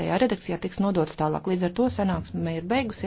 tajā redakcijā tiks nodots tālāk. Līdz ar to sanāksme ir beigusies.